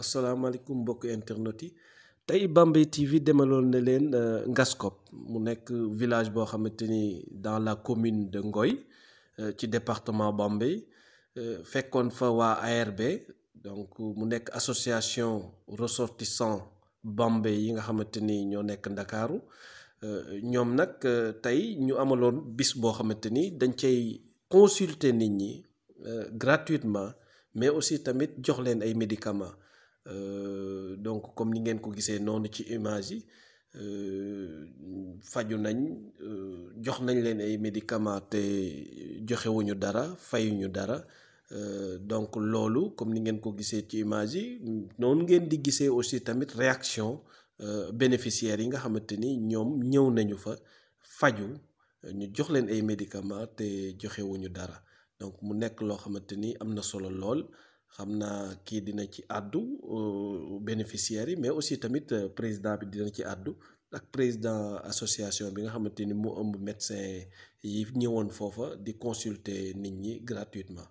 Assalamu alaikum, internet yi TV euh, mu village dans la commune de Ngoy euh, ci département Bambey euh, fekkoon fa ARB donc mu association ressortissant Bambey yi nga xamante ni ñu consulter gratuitement mais aussi tamit jox ay médicaments Euh, donc comme ni ngeen ko gisee noonu ci image yi euh, faju nañ euh, jox nañ leen ay médicament te joxewuñu dara fayuñu dara donc loolu comme ni ngeen ko gisee ci image yi noonu ngeen di gisee aussi tamit réaction bénéficiaires yi nga xamante ni ñoom ñëw nañu fa faju ñu jox leen ay médicament te joxewuñu dara donc mu nekk loo xamante ni am na solo lool xamna ki dina ci addu euh, bénéficiaires mais aussi tamit euh, président bi dina ci addu ak président association bi nga xamanteni mo mu ëmb médecin yi ñewon fofa di consulter nit ñi gratuitement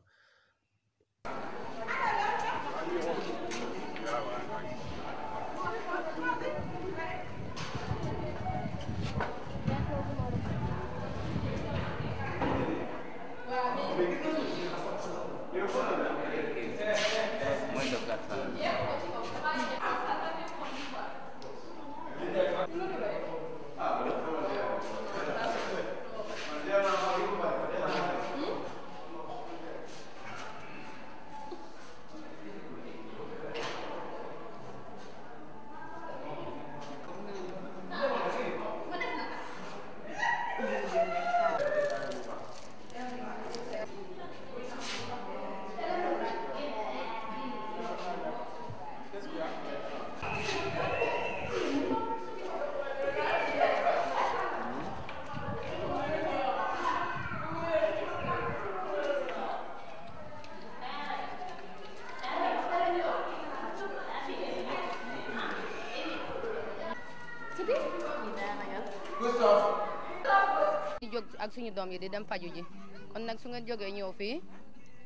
suñu doom yi di dem faju ji kon nag su ngeen jógee ñëw fii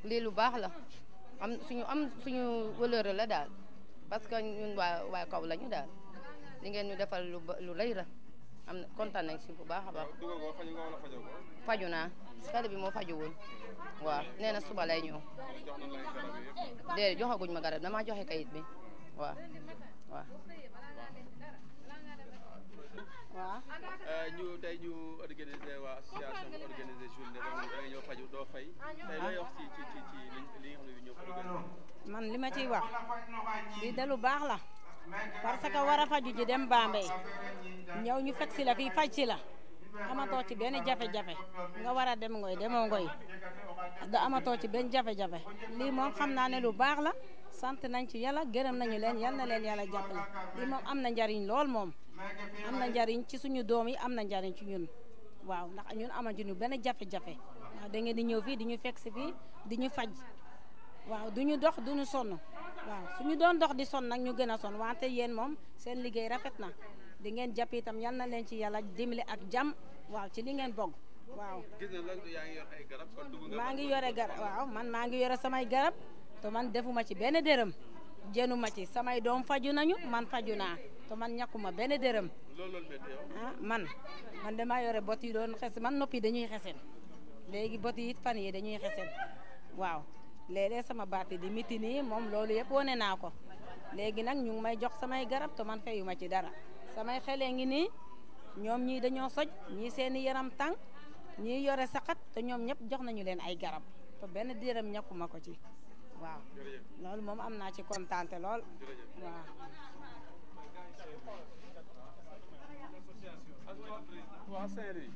lii lu baax la am suñu am suñu wëlëre la daal parce que ñun waa waa kaw lañu daal li ngeen ñu defal lu lu rëy am na kontaan nañ si bu baax a faju naa xale bi moo fajuwul waaw nee na suba lay ñëw déedéet joxaguñ ma garab damaa joxe kayit bi waaw waaw. waaw euh, ñu tey ñu organiser waa association bi organiser journée boobu da nga li ne man li ma ciy wax li de lu baax la parce que war a faju ji dem Bambey ñëw ñu fekk si la faj si la. amatoo ci benn jafe-jafe nga war a dem ngoy demoo ngoy da amatoo ci benn jafe-jafe lii moom xam naa ne lu baax la. sant nañ ci yàlla gërëm nañu leen yal na leen yàlla jàppale am na njariñ lool mom am na njariñ ci suñu doom yi am na njariñ ci ñun waaw ndax ñun amajuñu benn jafe-jafe waaw da ngeen di ñëw fii di ñu fekk si fii di ñu faj waaw du ñu dox du ñu waaw suñu doon dox di ñu wante yéen mom, seen liggéey rafet di ngeen jàpp itam yal leen ci yàlla dimbali ak jam waaw ci li ngeen bokk waaw. gis nga yor ay garab ngi garab waaw man mangi ngi yore samay garab to man defuma ci jenu dërëm jenuma ci samay doom faju nañu man faju naa to man ñàkkuma ah, man man dama yore bot yi doon xes man noppi dañuy xesen léegi bot yi fan yi dañuy xesen waaw léeg sama baat di miti mom moom loolu yëpp wone Legi ko léegi nag ñu ngi may jox samay garab to man fayuma ci dara samay xele ngi nii ñoom ñii dañoo soj ñii seeni yaram tang ñii yore saxat te ñoom ñëpp jox nañu len ay garab to benn dërëm ñàkkuma ko ci waaw loolu moom am naa ci kontaante lool waaw waa Saint-Louis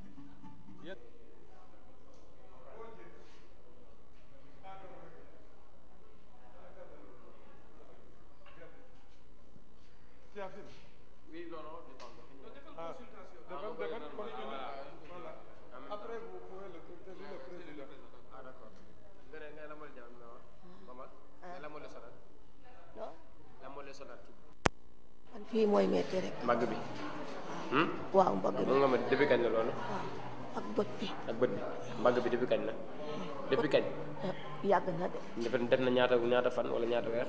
Oui, non, non. fii mooy metti rek. mbagg bi. Hmm? waaw mbagg bi nga ma depuis kañ la loolu. ak bët bi. ak bët bi mbagg bi depuis kañ la. depuis kañ. Eh, yàgg na de. def na ñaata ñaata fan wala ñaata weer.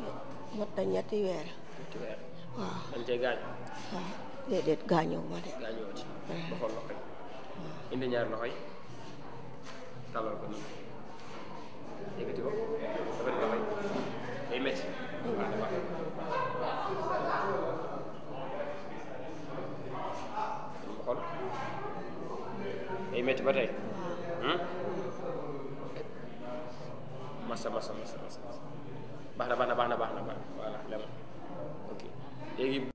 mot na ñetti weer. ñetti weer. waaw dañ cee gaañ. waaw déedéet gaañoo ma de. gaañoo ci. ba xool loxo indi ñaar loxo yi. ko nii. yëkkati ko. dafa loxo yi. day métti. waaw coba deh, tey masa masa masa masa baax na baax na baax na baax na baax voilà lema ok léegi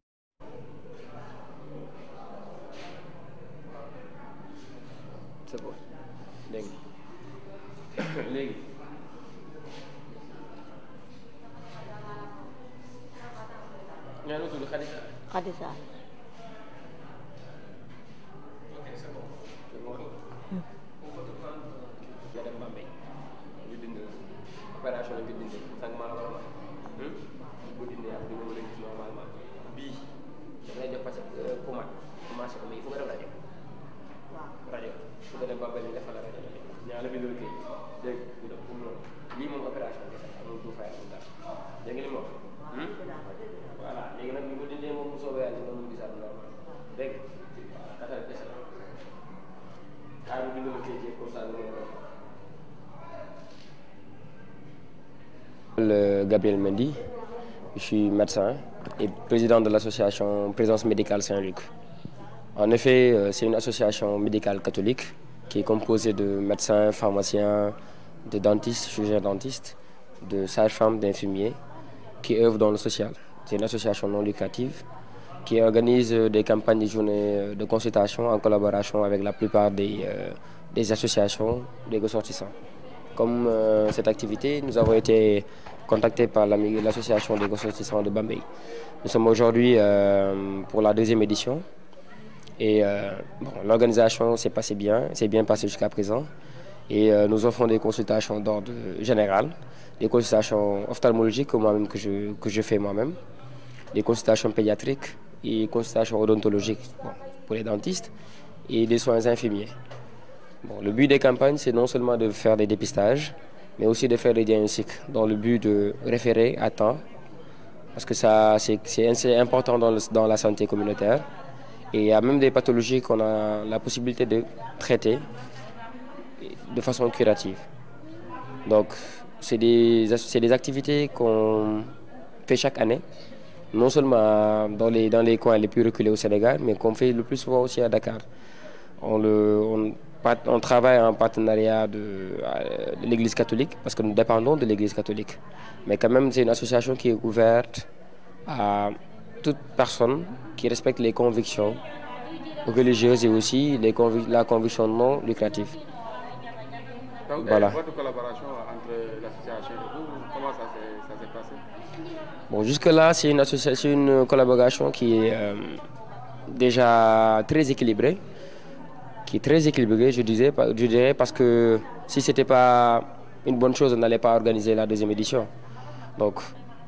c'est Je suis Gabriel Mendy, je suis médecin et président de l'association Présence médicale Saint-Luc. En effet, euh, c'est une association médicale catholique qui est composée de médecins, pharmaciens, de dentistes, chirurgiens-dentistes, de sages-femmes, d'infirmiers qui œuvrent dans le social. C'est une association non lucrative qui organise euh, des campagnes de journée euh, de consultation en collaboration avec la plupart des, euh, associations des ressortissants. Comme cette activité, nous avons été contactés par l'association des ressortissants de Bambay. Nous sommes aujourd'hui pour la deuxième édition et l'organisation s'est passée bien, s'est bien passée jusqu'à présent et nous offrons des consultations d'ordre général, des consultations ophtalmologiques -même, que, que je fais moi-même, des consultations pédiatriques et consultation odontologique pour les dentistes et des soins infirmiers. Bon, le but des campagnes, c'est non seulement de faire des dépistages, mais aussi de faire des diagnostics, dans le but de référer à temps, parce que ça, c'est important dans, la santé communautaire. Et il y a même des pathologies qu'on a la possibilité de traiter de façon curative. Donc, c'est des, des activités qu'on fait chaque année non seulement dans les, dans les coins les plus reculés au Sénégal, mais qu'on fait le plus souvent aussi à Dakar. On, le, on, travaille en partenariat de, l'Église catholique, parce que nous dépendons de l'Église catholique. Mais quand même, c'est une association qui est ouverte à toute personne qui respecte les convictions religieuses et aussi les la conviction non lucrative. voilà. jusque-là, c'est une association, une collaboration qui est euh, déjà très équilibrée, qui est très équilibrée, je, disais, je dirais, parce que si ce n'était pas une bonne chose, on n'allait pas organiser la deuxième édition. Donc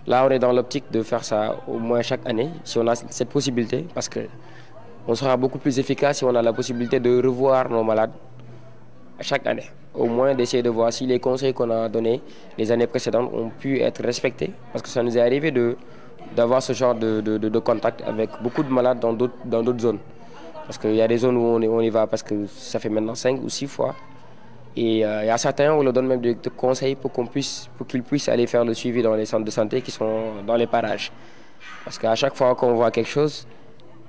là, on est dans l'optique de faire ça au moins chaque année, si on a cette possibilité, parce qu'on sera beaucoup plus efficace si on a la possibilité de revoir nos malades chaque année au moins d'essayer de voir si les conseils qu'on a donnés les années précédentes ont pu être respectés. Parce que ça nous est arrivé d'avoir ce genre de, contact avec beaucoup de malades dans d'autres zones. Parce qu'il y a des zones où on y, va parce que ça fait maintenant 5 ou 6 fois. Et euh, il y a certains, on leur donne même des, conseils pour qu'on puisse, pour qu'ils puissent aller faire le suivi dans les centres de santé qui sont dans les parages. Parce qu'à chaque fois qu'on voit quelque chose,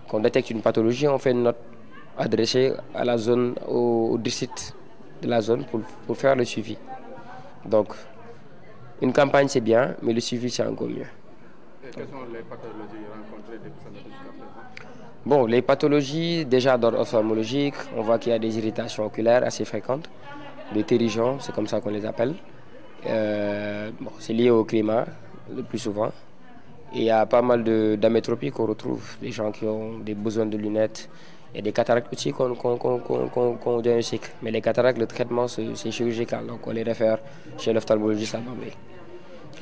qu'on détecte une pathologie, on fait une note adressée à la zone, au, au district de la zone pour, faire le suivi. Donc, une campagne c'est bien, mais le suivi c'est encore mieux. quelles sont les pathologies rencontrées depuis sa présent Bon, les pathologies déjà d'ordre ophtalmologique, on voit qu'il y a des irritations oculaires assez fréquentes, des térigions, c'est comme ça qu'on les appelle. Euh, bon, c'est lié au climat le plus souvent. Et il y a pas mal d'amétropie qu'on retrouve, des gens qui ont des besoins de lunettes, et des cataractes petits qu'on qu un qu Mais les cataractes, le traitement, c'est chirurgical. Donc on les réfère chez l'ophtalmologiste à Bombay.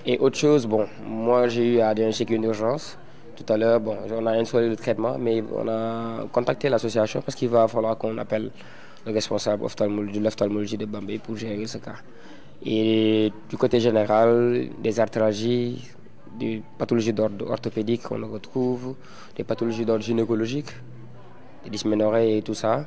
Et autre chose, bon, moi j'ai eu à diagnostiquer une urgence. Tout à l'heure, bon, on a installé le traitement, mais on a contacté l'association parce qu'il va falloir qu'on appelle le responsable de l'ophtalmologie de Bombay pour gérer ce cas. Et du côté général, des arthralgies, des pathologies d'ordre orthopédique qu'on retrouve, des pathologies d'ordre gynécologique, de et tout ça.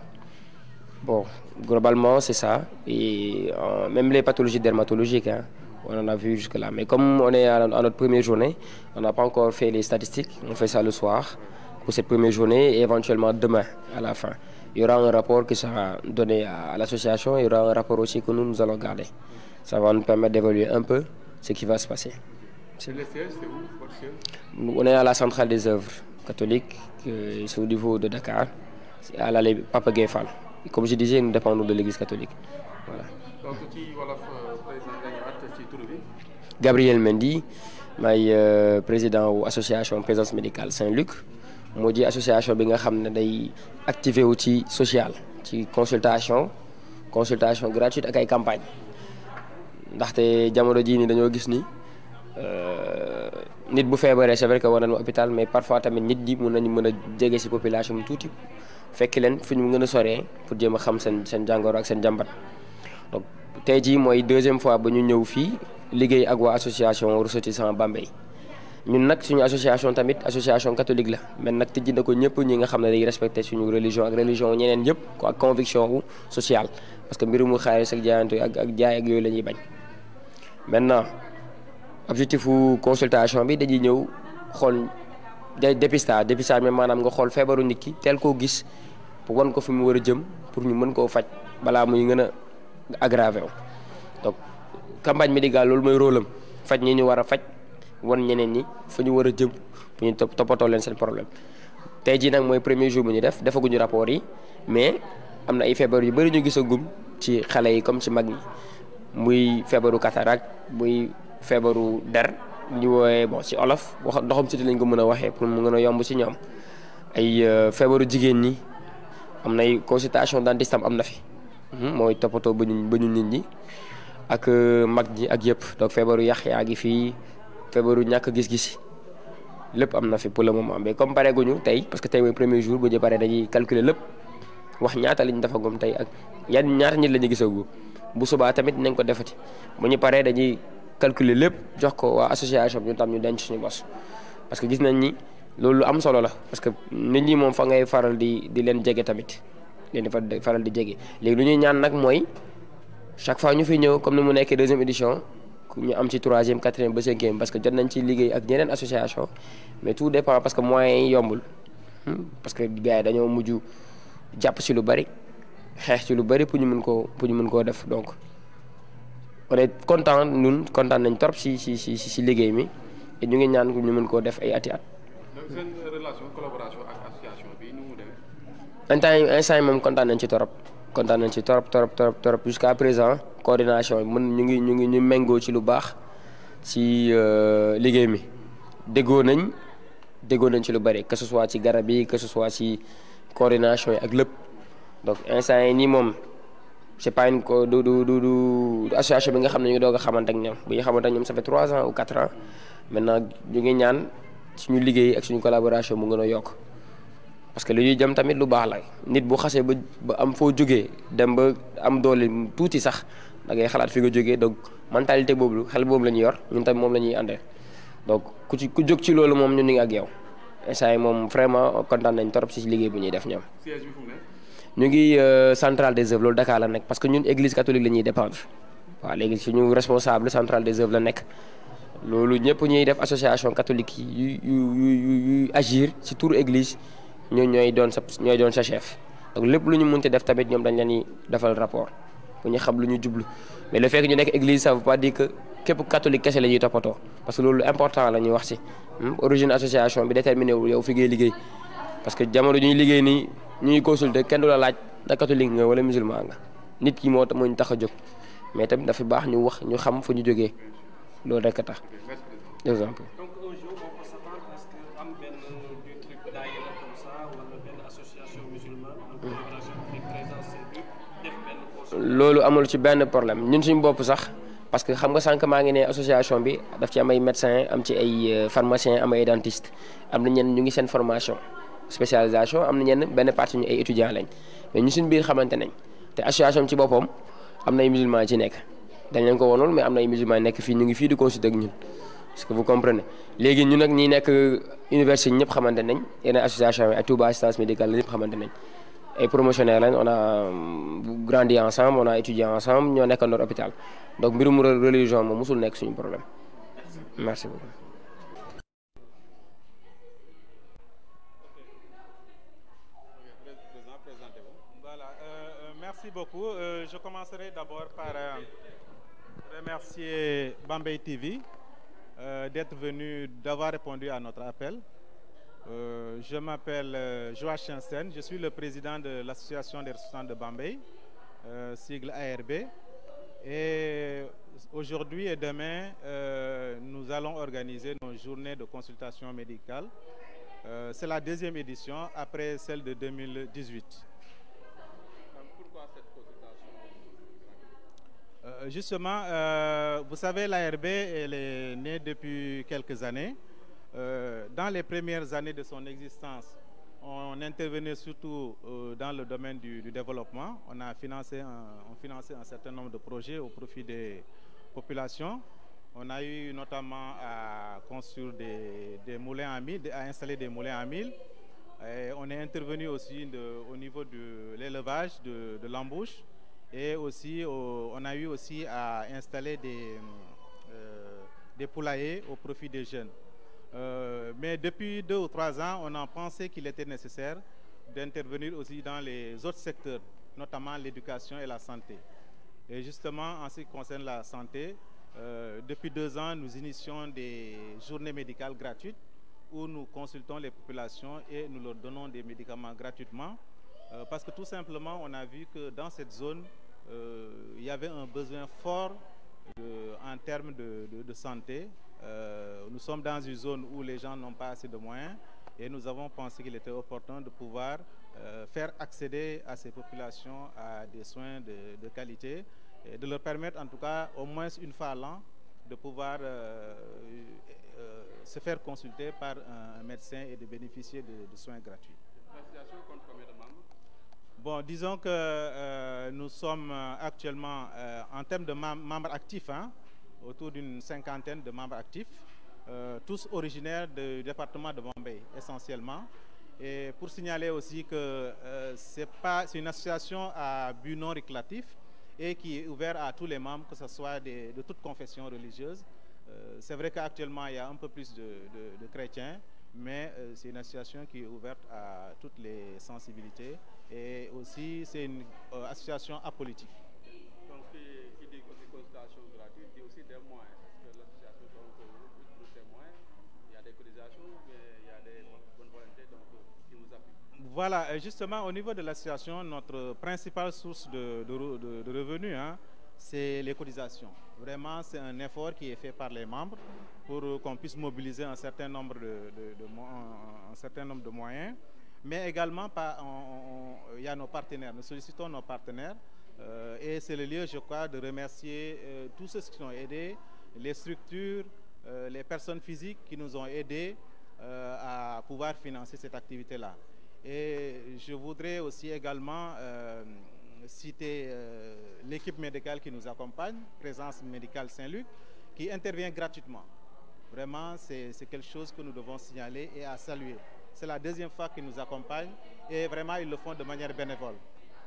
Bon, globalement, c'est ça. Et euh, même les pathologies dermatologiques, hein, on en a vu jusque-là. Mais comme on est à, notre première journée, on n'a pas encore fait les statistiques. On fait ça le soir pour cette première journée et éventuellement demain à la fin. Il y aura un rapport qui sera donné à l'association, il y aura un rapport aussi que nous, nous allons garder. Ça va nous permettre d'évaluer un peu ce qui va se passer. C'est c'est où On est à la centrale des œuvres catholiques, euh, c'est au niveau de Dakar à la Papa Gueye Fall comme je disais nous dépendons de l'église catholique voilà. donc ci wolof euh, président nga ci Gabriel Mendy may euh, président wu association présence médicale Saint-Luc moo di association bi nga xam day activé wu ci social ci consultation consultation gratuite ak ay campagne ndaxte jamono jii nii dañoo gis ni euh, nit bu feebaree c'est vrai que war hôpital mais parfois tamit nit di mun nañu mën a jege populations population type fekki leen fu ñu soree pour jéem xam sen sen jàngoro ak sen jambat donc tey jii mooy deuxième fois ba ñu ñëw fii liggéey ak wa association ressortissants Bambey ñun nak suñu association tamit association catholique la mais nak tijji na ñëpp ñi nga xamné ne day respecté suñu religion ak religion ñeneen ñëpp ko ak conviction sociale parce que mbirumu xaalis ak jaayantu ak ak jaay ak yoy lañuy bañ maintenant objectif consultation bi dañuy ñëw xol dépistage dépistage mais manam nga xol feebaru nit ki tel koo gis won ko fi mu wara jëm pour ñu mën koo faj balaa muy gën a aggravé wu donc campagne médicale loolu mooy rôlam faj ñi ñu war a won ñeneen ñi fu ñu war jëm bu ñu toppatoo leen seen problème premier jour bu ñu def defaguñu rapport yi mais amna na ay feebar yu bëri ñu gisagum ci xale yi comme ci mag ñi muy feebaru cataract muy feebaru der ñu wooyee bon ci olof wax doxam ci lañ ko pour mu yomb ci ay euh, feebaru jigéen am nay consultation dentiste am na fi hmm, mooy toppatoo ba ñu ba ñu nit ñi ak euh, mag ñi ak yëpp donc feebaru yàq yaa ngi fii feebaru ñàkk gis-gis lépp am na fi pour le moment mais comme pare guñu tey parce que tey mooy premier jour bu ñu paree dañuy calculer lépp wax ñaata lañ dafa gom tey ak yan ñaata nit la ñu gisagum bu subaa tamit nañ ko defati bu ñu paree dañuy calculer lépp jox ko waa association bi ñu tam ñu denc suñu bos parce que gis nañ ni. loolu lu am solo la parce que nit ñi moom fa ngay faral di di leen jege tamit leen di fa faral di jege léegi lu ñuy ñaan nag mooy chaque fois ñu fi ñëw comme ni mu nekkee deuxième édition ñu am ci troisième quatrième ba cinquième parce que jot nañ ci liggéey ak yeneen association mais tout dépend parce que moyens yi yombul hmm? parce que gars dañoo mujj jàpp ci lu bari xeex ci lu bari pour ñu mën koo pour ñu mën koo def donc on est content ñun kontaan nañ trop ci ci ci ci liggéey mi ñu ngi ñaan ñu mën koo def ay ati seen yi collaboration ak instant yi moom kontaan nañ ci torop kontaan nañ ci torop torop torop torop jusqu'à présent coordination yi mën ñu ngi ñu ngi ñu méngoo ci lu baax ci euh, liggéey mi déggoo nañ déggoo nañ ci lu bari que ce soit ci garab yi que ce soit ci coordination yi ak lépp donc instant yi nii moom c'est pas du du du du association bi nga xam ne ñu doog a xamante ak ñoom bu ñu xamante ñoom ça fait trois ans ou quatre ñu ngi ñaan. suñu liggéey ak suñu collaboration mu gën a yokk parce que li ñuy jëm tamit lu baax la nit bu xasee ba am foo jógee dem ba am doole tuuti sax da ngay xalaat fi nga jógee donc mentalité boobu xel boobu la ñuy yor ñun tamit moom la ñuy àndee donc ku ci ku jóg ci loolu moom ñun ñu ngi ak yow instant yi moom vraiment kontaan nañ trop si liggéey bu ñuy def ñoom. ñu ngi euh, centrale des œuvres loolu Dakar la nekk parce que ñun église catholique la ñuy waa waaw léegi suñu responsable centrale des œuvres la nekk. loolu punya ñuy def association catholique yu yu yu yu agir ci turu église ñoo ñooy doon sa ñooy doon sa chef donc lépp lu ñu munti def tamit ñoom dañ leen di defal rapport bu ñu xam lu ñu jublu mais le fait que ñu nekk église ça veut pas dire que képp catholique kese la ñuy toppatoo parce que loolu important la ñuy wax si hmm? origine association bi déterminé yow fi ngay liggéey parce que jamono ñuy liggéey nii ñu consulter kenn du laaj da catholique nga wala musulman nga nit ki moo moo ñu tax a jóg mais tamit dafa baax ñu wax ñu xam fu ñu jógee loolu rek a hmm. amul ci benn problème ñun suñu bopp sax parce que xam nga sànq maa ngi ne association bi daf ci am ay médecins am ci ay euh, pharmaciens am ay dentistes am na ñenn ñu ngi seen formation spécialisation am na ñenn benn partie ñu ay étudiants lañ mais ñu suñu biir xamante nañ te association ci boppam am na ay musulmans ci nekk. dañ leen ko wonul mais amna na ay musulmans nekk fii ñu ngi fi di consulter ak ñun parce que vous comprenez légui ñu nak ñi nek université ñëpp xamante nañ yeneen association yi ak Touba assistance médicale la ñëpp nañ ay promotionnaires lañ on a euh, grandi ensemble on a étudié ensemble ñoo nek ndoor hôpital donc mbirum religion mo musul nek suñu problème merci beaucoup. Euh, euh, merci beaucoup. Euh, je commencerai d'abord par... Euh Remercier Bambay TV euh, d'être venu, d'avoir répondu à notre appel. Euh, je m'appelle euh, Joachim Sen, je suis le président de l'association des ressources de Bambay, sigle ARB. Et aujourd'hui et demain, nous allons organiser nos journées de consultation médicale. C'est la deuxième édition après celle de 2018. Euh, justement, euh, vous savez, l'ARB, elle est née depuis quelques années. Euh, dans les premières années de son existence, on intervenait surtout dans le domaine du, développement. On a financé un, un certain nombre de projets au profit des populations. On a eu notamment à construire des, moulins à mille, à installer des moulins à mille. on est intervenu aussi au niveau de l'élevage, de, de et aussi, on a eu aussi à installer des, euh, poulaillers au profit des jeunes. Euh, mais depuis deux ou trois ans, on a pensé qu'il était nécessaire d'intervenir aussi dans les autres secteurs, notamment l'éducation et la santé. Et justement, en ce qui concerne la santé, euh, depuis deux ans, nous initions des journées médicales gratuites où nous consultons les populations et nous leur donnons des médicaments gratuitement euh, parce que tout simplement, on a vu que dans cette zone, euh, il y avait un besoin fort en termes de, santé. Euh, nous sommes dans une zone où les gens n'ont pas assez de moyens et nous avons pensé qu'il était opportun de pouvoir faire accéder à ces populations à des soins de, qualité et de leur permettre en tout cas au moins une fois à l'an de pouvoir se faire consulter par un, médecin et de bénéficier de soins gratuits. Bon, disons que euh, nous sommes euh, actuellement, euh, en termes de membres actifs, hein, autour d'une cinquantaine de membres actifs, tous originaires du département de Bombay, essentiellement. Et pour signaler aussi que c'est une association à but non réclatif et qui est ouverte à tous les membres, que ce soit de toute confession religieuse. c'est vrai qu'actuellement, il y a un peu plus de chrétiens, mais c'est une association qui est ouverte à toutes les sensibilités et aussi, c'est une euh, association apolitique. Donc, qui dit consultation gratuite, dit aussi des moyens. Parce que l'association, donc, des euh, moyens, il y a des cotisations, mais il y a des bonnes volontés donc, euh, qui nous appuient. Voilà, justement, au niveau de l'association, notre principale source de, de, de, revenus, hein, c'est les cotisations. Vraiment, c'est un effort qui est fait par les membres pour qu'on puisse mobiliser un certain nombre de, de, de, un, un certain nombre de moyens mais également il y a nos partenaires. Nous sollicitons nos partenaires euh, et c'est le lieu, je crois, de remercier euh, tous ceux qui nous ont aidés, les structures, euh, les personnes physiques qui nous ont aidés à pouvoir financer cette activité-là. Et je voudrais aussi également citer l'équipe médicale qui nous accompagne, Présence médicale Saint-Luc, qui intervient gratuitement. Vraiment, c'est quelque chose que nous devons signaler et à saluer. C'est la deuxième fois qu'ils nous accompagnent et vraiment ils le font de manière bénévole.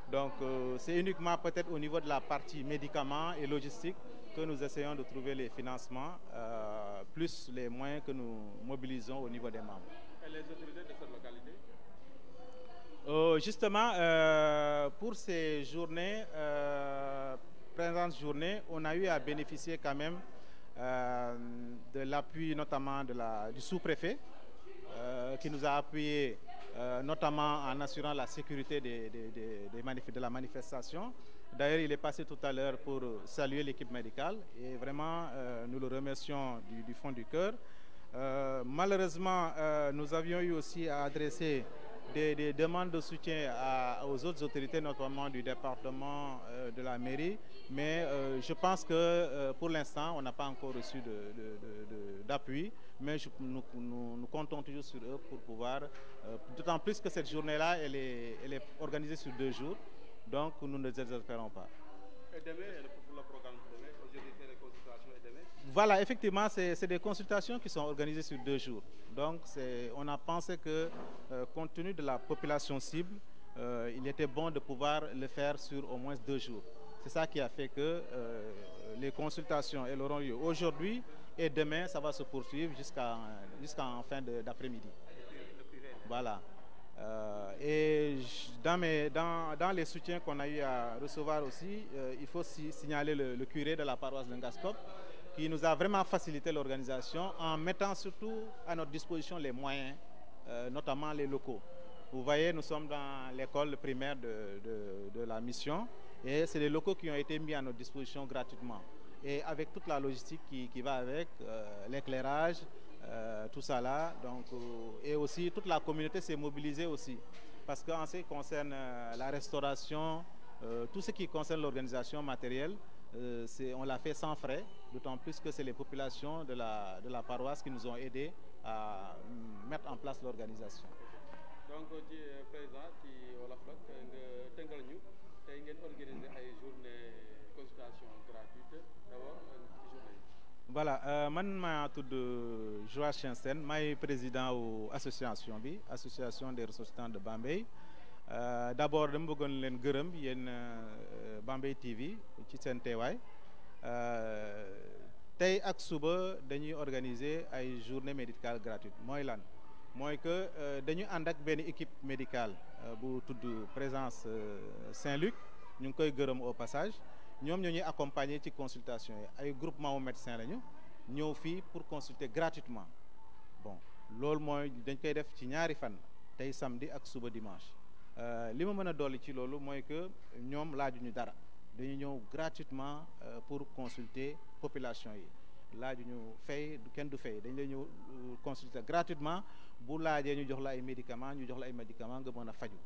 Donc euh, c'est uniquement peut-être au niveau de la partie médicaments et logistique que nous essayons de trouver les financements, euh, plus les moyens que nous mobilisons au niveau des membres. Et les autorités de cette localité euh, Justement, pour ces journées, présentes journées, on a eu à bénéficier quand même de l'appui notamment du sous-préfet euh, qui nous a appuyés euh, notamment en assurant la sécurité des, de la manifestation. D'ailleurs, il est passé tout à l'heure pour saluer l'équipe médicale et vraiment, euh, nous le remercions du, fond du cœur. malheureusement, nous avions eu aussi à adresser des, demandes de soutien aux autres autorités, notamment du département de la mairie, mais je pense que pour l'instant, on n'a pas encore reçu d'appui mais nous, nous, comptons toujours sur eux pour pouvoir, euh, d'autant plus que cette journée-là, elle est, elle est, organisée sur deux jours, donc nous ne désespérons pas. Et demain, le programme les consultations et demain Voilà, effectivement, c'est des consultations qui sont organisées sur deux jours. Donc on a pensé que, euh, compte tenu de la population cible, euh, il était bon de pouvoir le faire sur au moins deux jours. C'est ça qui a fait que les consultations elles auront lieu aujourd'hui, et demain, ça va se poursuivre jusqu'à jusqu'en fin d'après-midi. Voilà. Euh, et dans, mes, dans, les soutiens qu'on a eu à recevoir aussi, euh, il faut signaler le, curé de la paroisse de qui nous a vraiment facilité l'organisation en mettant surtout à notre disposition les moyens, euh, notamment les locaux. Vous voyez, nous sommes dans l'école primaire de, de, de la mission et c'est les locaux qui ont été mis à notre disposition gratuitement et avec toute la logistique qui, va avec, euh, l'éclairage, euh, tout ça là. Donc, euh, et aussi, toute la communauté s'est mobilisée aussi. Parce qu'en ce qui concerne la restauration, tout ce qui concerne l'organisation matérielle, on l'a fait sans frais, d'autant plus que c'est les populations de la, de la paroisse qui nous ont aidés à mm, mettre en place l'organisation. donc voilà euh, man suis tudd euh, Joachim Sen, maay président de association bi association des ressortissants de Bambey Euh, D'abord, dama bëggoon leen gërëm yéen euh, Bambey TV qui est teewaay tey ak suba dañuy organiser ay journée médicale gratuite mooy lan mooy que dañu ànd ak une équipe médicale pour toute présence Saint-Luc nous ngi koy gërëm au passage ñoom ñoo ñuy accompagner ci consultation yi ay groupement wu médecins lañu ñëw fii pour consulter gratuitement bon loolu mooy dañ koy def ci ñaari fan tey samedi ak suba dimanche euh, li ma mën a dolli ci loolu mooy que ñoom laajuñu dara dañu ñëw gratuitement euh, pour consulter population yi laajuñu fay kenn du fay dañ lay ñëw euh, consulter gratuitement bu laajee ñu jox la ay médicaments ñu jox la ay médicaments nga mën a faju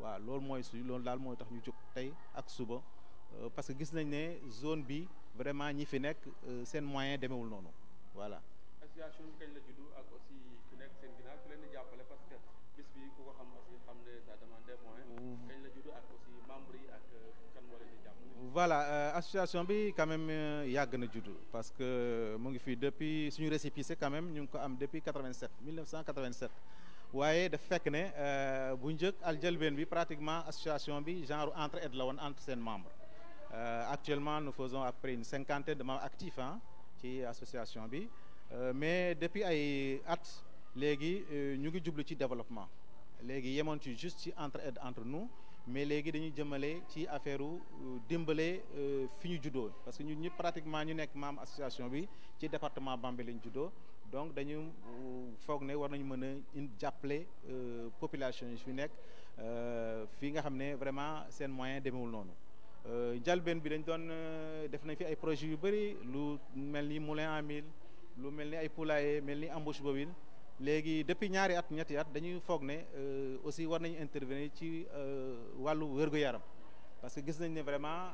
waaw loolu mooy su loolu daal mooy tax ñu jóg tey ak suba euh, parce que gis nañ né zone bi vraiment ñi fi nek euh, seen moyen demewul noonu voilà. association bi kañ la juddu ak aussi ku nek seen ginnaaw ku leen di jàppale parce que bis bi ko xam aussi xam né ça demande des moyens. kañ la juddu ak aussi membre yi ak euh, kan moo leen di voilà association bi quand même yag na juddu parce que mo ngi fi depuis suñu récépissé quand même ñu ko am depuis 87 1987. waaye da fekk ne bu njëkk al jëlbeen bi pratiquement association bi genre entre aide la woon entre seen membres. Euh, actuellement, nous faisons après une cinquantaine de membres actifs hein, est association euh, mais depuis ay at avons euh, ñu ngi ci développement Nous avons ci juste une aide entre nous mais nous dañuy qui ci affaire u dimbale fi parce que nous sommes pratiquement ñu nekk membre association bi le département Bambey bambé donc nous avons fait war nañu mën a la population yi fi nga vraiment un moyen de euh, jalbeen bi dañ doon euh, def nañ fi ay projets yu bari lu melni moulin à mil lu melni ay poulailler melni embauche embouche bovine depuis ñaari at ñetti at dañuy foog ne euh, aussi war nañ intervenir ci walu wërgu yaram parce que gis nañ né vraiment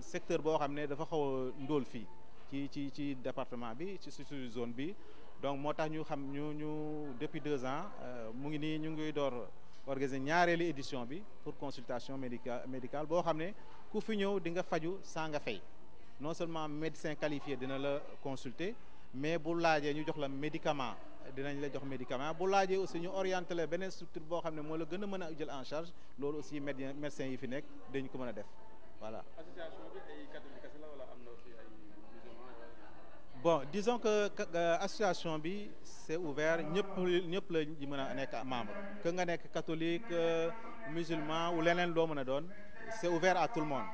secteur bo xamné dafa xaw ndol fi ci ci ci département bi ci ci zone bi donc motax ñu xam ñu ñu depuis 2 ans mu ngi ni ñu ngi door organiser ñaareli édition bi pour consultation médica médicale bo xamné ku fi ñëw di nga faju nga fay non seulement médecin qualifié dina la consulter mais bu laajee ñu jox la médicament dinañ la jox médicament bu laajee aussi ñu orienter la beneen structure bo xam mo moo la gën jël en charge loolu aussi médecin médecin yi fi nekk dañ ko mëna def voilà. association bi ay catholique musulman. bon disons que association bi c'est ouvert ñëpp ñëpp la ñu mën a membre que nga nekk catholique euh, musulman ou leneen loo mëna a c'est ouvert à tout le monde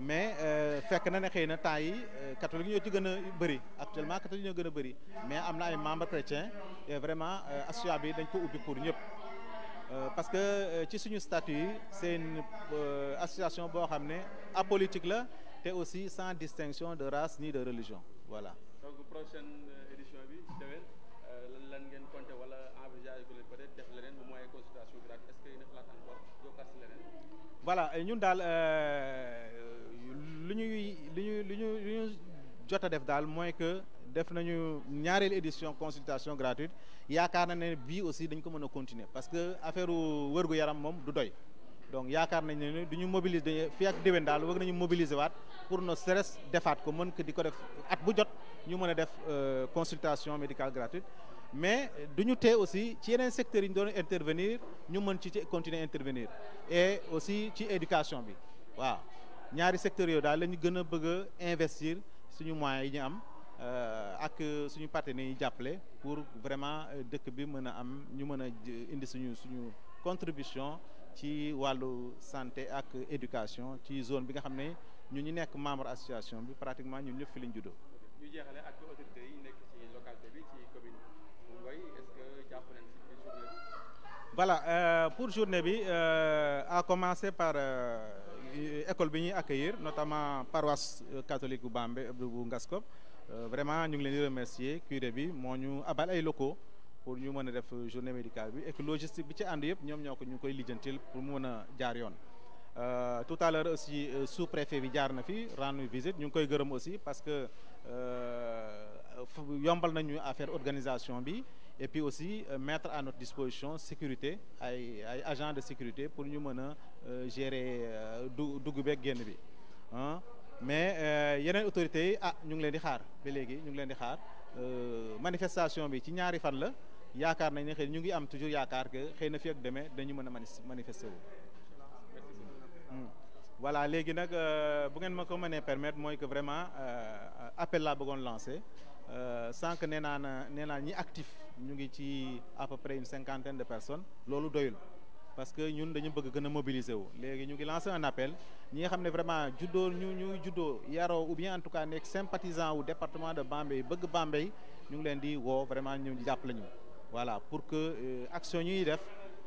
mais euh, fait na ne avons na temps yi euh, catholique nous ci gën bëri actuellement catholique ñoo gën bëri mais nous avons ay membres chrétiens et vraiment euh, association bi dañ ko pour ñëpp parce que ci suñu statut c'est une association boo xam apolitique la aussi sans distinction de race ni de religion voilà. Donc, prochaine... voilà euh, ñun dal euh ñuy lu ñu lu def dal mooy que def nañu ñaareelu édition consultation gratuite yaakaar na né bi aussi dañ ko mëna continuer parce que affaire wërgu yaram mom du doy donc yaakaar nañ ne du mobiliser fi ak déwén daal wëgg nañu mobiliser waat pour nos stress defaat ko mën ko diko def at bu jot ñu mëna def euh, consultation médicale gratuite mais nous sommes aussi secteur intervenir nous pouvons continuer continuer intervenir et aussi ci éducation bi waaw secteur moyens et euh, partenaires pour vraiment euh, dëkk contribution santé éducation ci zone bi nga pratiquement voilà euh, pour journée bi euh, a commencé par euh, école bi ñuy accueillir notamment paroisse euh, catholique de Bambey bu Ngaskop euh, vraiment ñu ngi leen remercier curé bi moo ñu abal ay locaux pour nous mën a def journée médicale bi et que logistique bi ci ànd yëpp ñoom ñoo ñu koy pour mu nous a jaar yoon. Euh, tout à l'heure aussi sous-préfet bi jaar na fi visite nous ngi koy aussi parce que yombal nañu affaire organisation bi et puis aussi euh, mettre à notre disposition sécurité agents de sécurité pour nous mën euh, gérer euh, du dugg beeg bi hein. mais il autorités a ah ñu ngi leen di xaar ba léegi ñu ngi leen di xaar manifestation bi ci ñaari fan la yaakaar nañ ne xëy ñu ngi am toujours que xëy na fi ak demee dañu mën a manifester hmm. voilà léegi nag bu ngeen ma ko permettre mooy que vraiment appel laa bëggoon lancer euh, sans que nee naa ñi actif nous avons à peu près une cinquantaine de personnes doyul parce que nous, dañu bëgg mobiliser wu avons ñu un appel nous avons vraiment judo, nous nous juddoo ou bien en tout cas sommes sympathisants au département de Bambay, bëgg Bambey nous ngi vraiment nous avons lañu voilà pour que euh, action ñuy def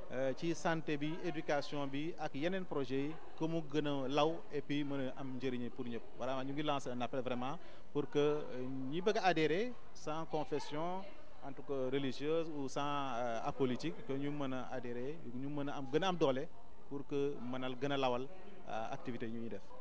euh, ci santé bi éducation bi ak un projet yi que gëna law et puis nous am pour ñëpp vraiment ñu ngi lancer un appel vraiment pour que nous euh, bëgg adhérer sans confession en tout cas religieuse ou sans euh, apolitique que ñu mën a adhérer ñu mën a am gën a am doole pour que mënal gën a lawal euh, activité ñu ñuy def